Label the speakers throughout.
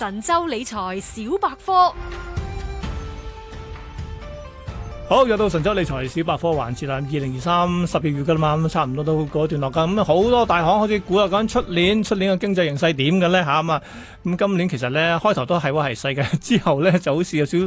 Speaker 1: 神州理財小百科。好，又到神州理財小百科環節啦，二零二三十二月噶啦嘛，咁差唔多都嗰段落噶，咁好多大行好似估下講出年出年嘅經濟形勢點嘅咧，吓，咁啊，咁、嗯、今年其實咧開頭都係話係世界之後咧就好似有少，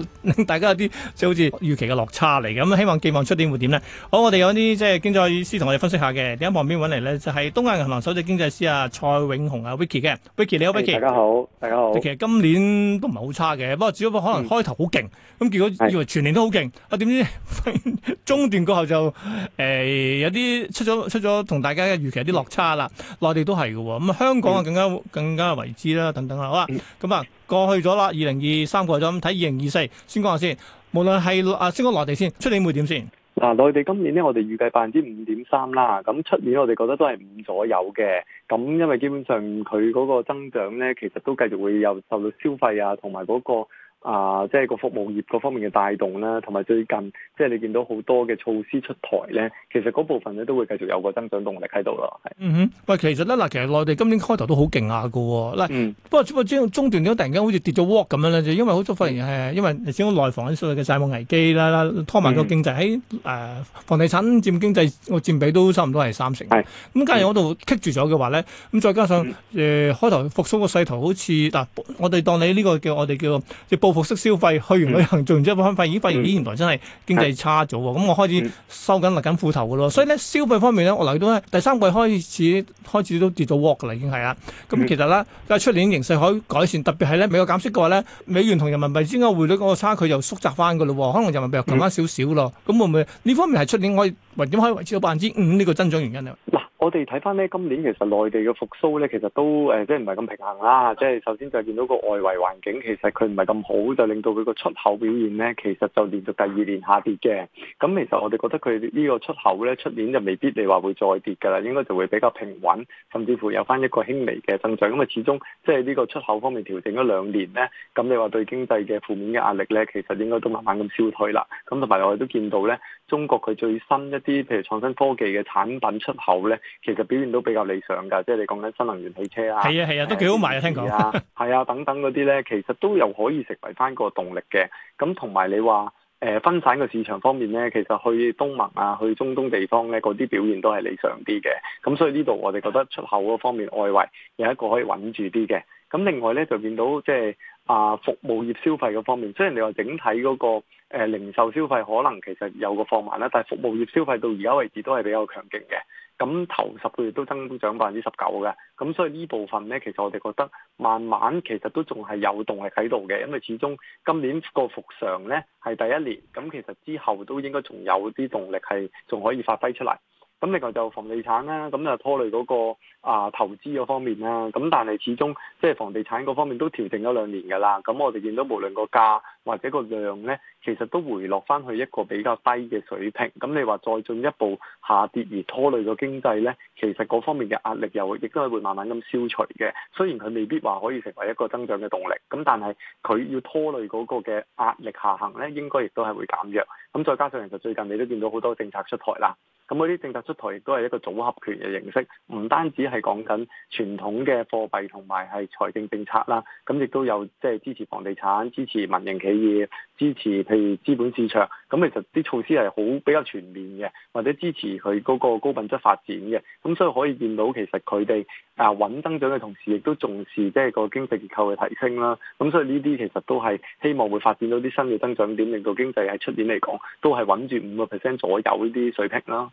Speaker 1: 大家有啲即好似預期嘅落差嚟嘅，咁希望寄望出年會點咧？好，我哋有啲即係經濟師同我哋分析下嘅，解旁邊揾嚟咧就係、是，東亞銀行首席經濟師啊蔡永雄啊 Vicky 嘅，Vicky 你好，Vicky。Vicky, hey, 大家
Speaker 2: 好，大家好。其
Speaker 1: 實今年都唔係好差嘅，不過只不過可能開頭好勁，咁、嗯、結果以為全年都好勁，啊點知？ 中段過後就誒、欸、有啲出咗出咗同大家嘅預期有啲落差啦，內地都係嘅，咁香港啊更加、嗯、更加未知啦，等等啦，嗯、好啦，咁啊過去咗啦，二零二三過去咗，咁睇二零二四，先講下先。無論係啊先講內地先，出年會點先？
Speaker 2: 嗱、啊，內地今年咧，我哋預計百分之五點三啦，咁出年我哋覺得都係五左右嘅。咁因為基本上佢嗰個增長咧，其實都繼續會又受到消費啊，同埋嗰個。啊，即係個服務業嗰方面嘅帶動啦，同埋最近即係你見到好多嘅措施出台咧，其實嗰部分咧都會繼續有個增長動力喺度咯。係，
Speaker 1: 嗯哼，喂，其實咧嗱，其實內地今年開頭都好勁下嘅，嗱、嗯，不過不過中段點突然間好似跌咗鑊咁樣咧，就因為好多發現係因為始終內房啲所謂嘅債務危機啦啦，拖埋個經濟喺誒、呃、房地產佔經濟個佔，佔比都差唔多係三成，咁假如嗰度棘住咗嘅話咧，咁再加上誒開、呃、頭復甦嘅勢頭好似嗱、啊，我哋當你呢個叫我哋叫，我叫報。服飾消費去完旅行、嗯、做完之後翻翻，發現咦，反而啲原來真係經濟差咗，咁、嗯、我開始收緊勒緊褲頭噶咯。所以咧，消費方面咧，我嚟到咧第三季開始開始都跌到窩噶啦，已經係啦。咁、嗯嗯嗯、其實咧，喺、就、出、是、年嘅形勢可以改善，特別係咧美國減息嘅話咧，美元同人民幣之間匯率嗰個差距又縮窄翻噶咯，可能人民幣又近翻少少咯。咁、嗯、會唔會呢方面係出年可以或點可以維持到百分之五呢個增長原因啊？
Speaker 2: 我哋睇翻咧，今年其實內地嘅復甦咧，其實都誒、呃，即係唔係咁平衡啦。即係首先就係見到個外圍環境其實佢唔係咁好，就令到佢個出口表現咧，其實就連續第二年下跌嘅。咁其實我哋覺得佢呢個出口咧，出年就未必你話會再跌㗎啦，應該就會比較平穩，甚至乎有翻一個輕微嘅增長。咁啊，始終即係呢個出口方面調整咗兩年咧，咁你話對經濟嘅負面嘅壓力咧，其實應該都慢慢咁消退啦。咁同埋我哋都見到咧，中國佢最新一啲譬如創新科技嘅產品出口咧。其實表現都比較理想噶即係你講緊新能源汽車啊，係啊係啊，都幾好賣啊，聽講係啊，等等嗰啲呢， 其實都有可以成為翻個動力嘅。咁同埋你話誒、呃、分散嘅市場方面呢，其實去東盟啊，去中東地方呢嗰啲表現都係理想啲嘅。咁所以呢度我哋覺得出口嗰方面外圍有一個可以穩住啲嘅。咁另外呢，就見到即係啊服務業消費嘅方面，雖然你話整體嗰、嗰個誒、呃、零售消費可能其實有個放慢啦，但係服務業消費到而家為止都係比較強勁嘅。咁頭十個月都增長百分之十九嘅，咁所以呢部分呢，其實我哋覺得慢慢其實都仲係有動力喺度嘅，因為始終今年個復常呢係第一年，咁其實之後都應該仲有啲動力係仲可以發揮出嚟。咁另外就房地產啦，咁就拖累嗰個啊投資嗰方面啦。咁但係始終即係房地產嗰方面都調整咗兩年㗎啦。咁我哋見到無論個價或者個量呢，其實都回落翻去一個比較低嘅水平。咁你話再進一步下跌而拖累個經濟呢，其實嗰方面嘅壓力又亦都係會慢慢咁消除嘅。雖然佢未必話可以成為一個增長嘅動力，咁但係佢要拖累嗰個嘅壓力下行呢，應該亦都係會減弱。咁再加上其實最近你都見到好多政策出台啦。咁嗰啲政策出台亦都係一個組合拳嘅形式，唔單止係講緊傳統嘅貨幣同埋係財政政策啦，咁亦都有即係支持房地產，支持民營企業，支持譬如資本市場，咁其實啲措施係好比較全面嘅，或者支持佢嗰個高品質發展嘅，咁所以可以見到其實，佢哋啊穩增長嘅同時亦都重視即係個經濟結構嘅提升啦。咁所以呢啲其實都係希望會發展到啲新嘅增長點，令到經濟喺出年嚟講都係穩住五個 percent 左右呢啲水平啦。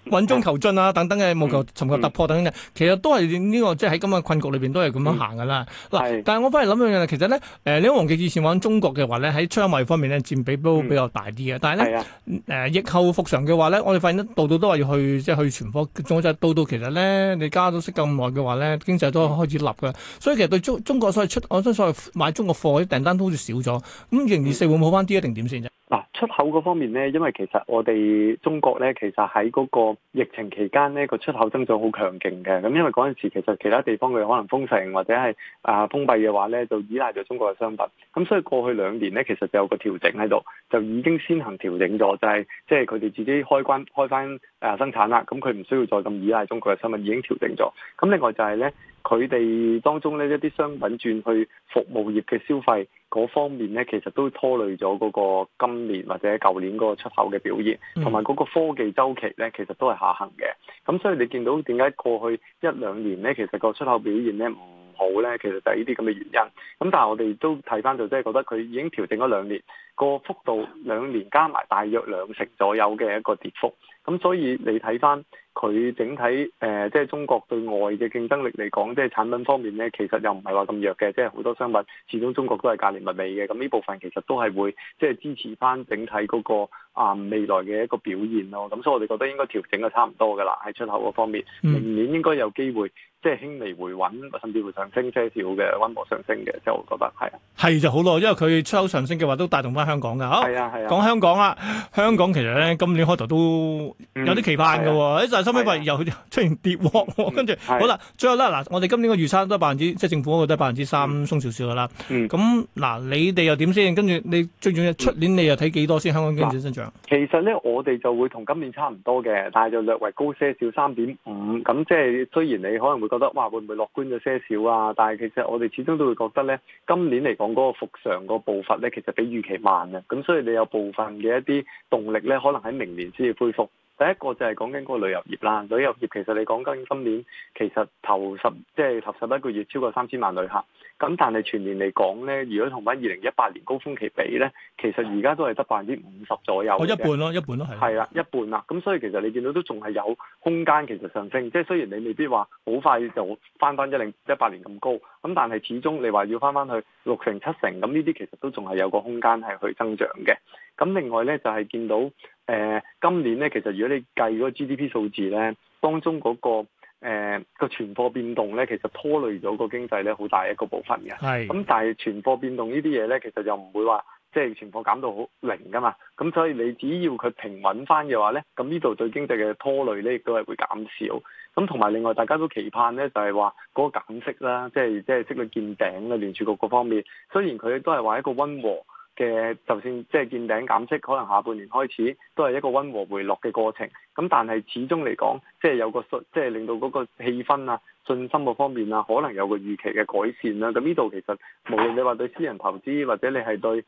Speaker 2: 穩中
Speaker 1: 求進啊，等等嘅，務求尋求突破等等嘅，其實都係呢、這個即係喺咁嘅困局裏邊都係咁樣行噶啦。嗱，但係我翻嚟諗嘅其實咧，誒、呃，你從疫情以前玩中國嘅話咧，喺出口貿易方面咧占比都比較大啲嘅。嗯、但係咧，誒的，疫、呃、後復常嘅話咧，我哋發現到到都係要去即係、就是、去存貨，總之到到其實咧，你加咗息咁耐嘅話咧，經濟都開始立噶。所以其實對中中國所謂出，我想所謂買中國貨啲訂單都好似少咗。咁仍然四會唔好翻啲一定點先啫？嗱、
Speaker 2: 嗯，出口嗰方面咧，因為其實我哋中國咧，其實喺嗰、那個疫情期間呢個出口增長好強勁嘅。咁因為嗰陣時其實其他地方佢可能封城或者係啊封閉嘅話呢，就依賴咗中國嘅商品。咁所以過去兩年呢，其實就有個調整喺度，就已經先行調整咗，就係即係佢哋自己開關開返啊生產啦。咁佢唔需要再咁依賴中國嘅商品，已經調整咗。咁另外就係呢。佢哋當中呢一啲商品轉去服務業嘅消費嗰方面呢，其實都拖累咗嗰個今年或者舊年嗰個出口嘅表現，同埋嗰個科技周期呢，其實都係下行嘅。咁所以你見到點解過去一兩年呢，其實個出口表現呢唔好呢？其實就係呢啲咁嘅原因。咁但係我哋都睇翻就即係覺得佢已經調整咗兩年，個幅度兩年加埋大約兩成左右嘅一個跌幅。咁所以你睇翻。佢整體誒、呃，即係中國對外嘅競爭力嚟講，即係產品方面咧，其實又唔係話咁弱嘅，即係好多商品始終中國都係價廉物美嘅。咁呢部分其實都係會即係支持翻整體嗰、那個啊、呃、未來嘅一個表現咯。咁所以我哋覺得應該調整得差唔多㗎啦，喺出口嗰方面，明年應該有機會即係輕微回穩，甚至會上升些少嘅溫和上升嘅，即係我覺得係啊，
Speaker 1: 係就好耐，因為佢出口上升嘅話，都帶動翻香港㗎嚇。係啊係啊，講香港啦，香港其實咧今年開頭都有啲期盼㗎喎，嗯心諗喂，又出現跌蝕，跟住好啦，是的 最後啦嗱，我哋今年嘅預測都係百分之，即係政府嗰個都係百分之三，嗯、鬆少少嘅啦。咁嗱、嗯，你哋又點先？跟住你最重要出年，你又睇幾多先？香港經濟增長？
Speaker 2: 其實咧，我哋就會同今年差唔多嘅，但係就略為高些少三點五。咁即係雖然你可能會覺得哇，會唔會樂觀咗些少啊？但係其實我哋始終都會覺得咧，今年嚟講嗰個復常個步伐咧，其實比預期慢嘅。咁所以你有部分嘅一啲動力咧，可能喺明年先要恢復。第一個就係講緊嗰個旅遊業啦，旅遊業其實你講緊今年，其實頭十即係頭十一個月超過三千萬旅客，咁但係全年嚟講咧，如果同翻二零一八年高峰期比咧，其實而家都係得百分之五十左右。哦，一半咯，一半咯，係。係啦，一半啦，咁所以其實你見到都仲係有空間，其實上升，即係雖然你未必話好快就翻翻一零一八年咁高，咁但係始終你話要翻翻去六成七成，咁呢啲其實都仲係有個空間係去增長嘅。咁另外咧就係、是、見到誒、呃、今年咧，其實如果你計嗰個 GDP 數字咧，當中嗰、嗰個誒存、呃、貨變動咧，其實拖累咗個經濟咧好大一個部分嘅。係是。咁但係存貨變動呢啲嘢咧，其實就唔會話即係存貨減到好零㗎嘛。咁所以你只要佢平穩翻嘅話咧，咁呢度對經濟嘅拖累咧亦都係會減少。咁同埋另外大家都期盼咧，就係話嗰個減息啦，即係即係息率見頂啦，聯儲局嗰方面雖然佢都係話一個溫和。嘅，就算即係見頂減息，可能下半年開始都係一個溫和回落嘅過程。咁但係始終嚟講，即係有個信，即係令到嗰個氣氛啊、信心個方面啊，可能有個預期嘅改善啦。咁呢度其實，無論你話對私人投資，或者你係對誒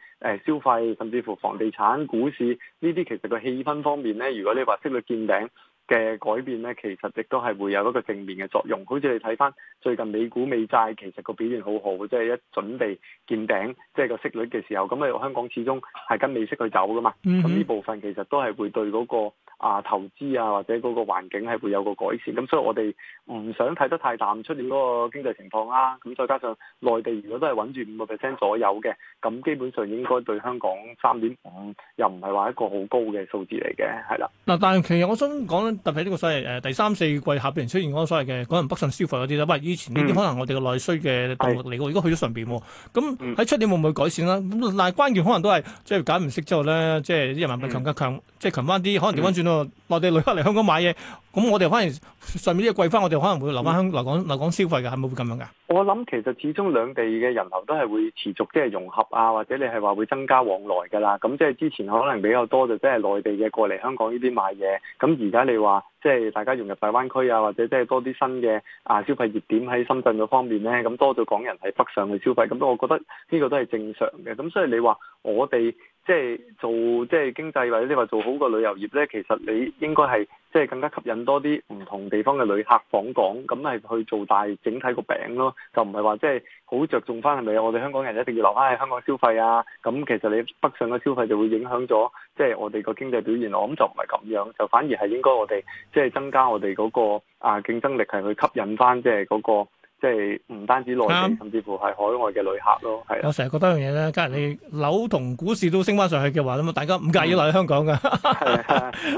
Speaker 2: 消費，甚至乎房地產股市呢啲，其實個氣氛方面呢，如果你話息率見頂。嘅改變咧，其實亦都係會有一個正面嘅作用。好似你睇翻最近美股美債，其實個表現好好，即係一準備見頂，即係個息率嘅時候，咁咧香港始終係跟美息去走噶嘛。咁呢部分其實都係會對嗰個。啊，投資啊，或者嗰個環境係會有個改善，咁所以我哋唔想睇得太淡出年嗰個經濟情況啦、啊。咁再加上內地如果都係穩住五個 percent 左右嘅，咁基本上應該對香港三點五又唔係話一個好高嘅數字嚟嘅，係啦。
Speaker 1: 嗱、嗯，嗯、但係其實我想講咧，特別呢個所謂誒、呃、第三四季下半年出現嗰個所謂嘅可能北上消費嗰啲，不過，以前呢啲可能我哋嘅內需嘅動力嚟嘅，而家去咗上邊，咁喺出年會唔會改善啦？咁但係關鍵可能都係即係解唔息之後咧，即係啲人民幣強加強，即係強翻啲，可能調翻轉咯。內地旅客嚟香港買嘢，咁我哋反而上面啲嘢貴翻，我哋可能會留翻香留港留港消費嘅，係咪會咁樣嘅。
Speaker 2: 我諗其實始終兩地嘅人流都係會持續即係融合啊，或者你係話會增加往來㗎啦。咁即係之前可能比較多就即係內地嘅過嚟香港呢啲買嘢，咁而家你話即係大家融入大灣區啊，或者即係多啲新嘅啊消費熱點喺深圳嗰方面咧，咁多咗港人喺北上去消費，咁都我覺得呢個都係正常嘅。咁所以你話我哋。即係做即係經濟，或者你話做好個旅遊業呢，其實你應該係即係更加吸引多啲唔同地方嘅旅客訪港，咁係去做大整體個餅咯。就唔係話即係好着重翻係咪我哋香港人一定要留翻喺香港消費啊？咁其實你北上嘅消費就會影響咗即係我哋個經濟表現咯。我諗就唔係咁樣，就反而係應該我哋即係增加我哋嗰個啊競爭力，係去吸引翻即係嗰個。即係唔單止內地，甚至乎係海外嘅旅客咯。係我
Speaker 1: 成日覺得一樣嘢咧，既然你樓同股市都升翻上去嘅話，咁啊，大家唔介意落去香港噶。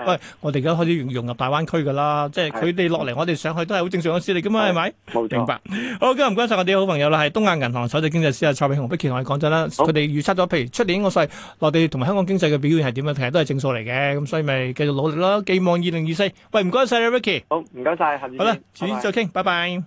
Speaker 1: 喂，我哋而家開始融入大灣區噶啦，即係佢哋落嚟，我哋上去都係好正常嘅事嚟噶嘛？係咪？冇錯。明白。好，今日唔該晒我哋好朋友啦，係東亞銀行首席經濟師啊，蔡永雄，Ricky 同你講真啦，佢哋預測咗，譬如出年個稅內地同埋香港經濟嘅表現係點啊？其實都係正數嚟嘅，咁所以咪繼續努力咯。寄望二零二四。喂，唔該晒啊，Ricky。好，唔該
Speaker 2: 晒。好啦，遲啲再
Speaker 1: 傾，拜拜。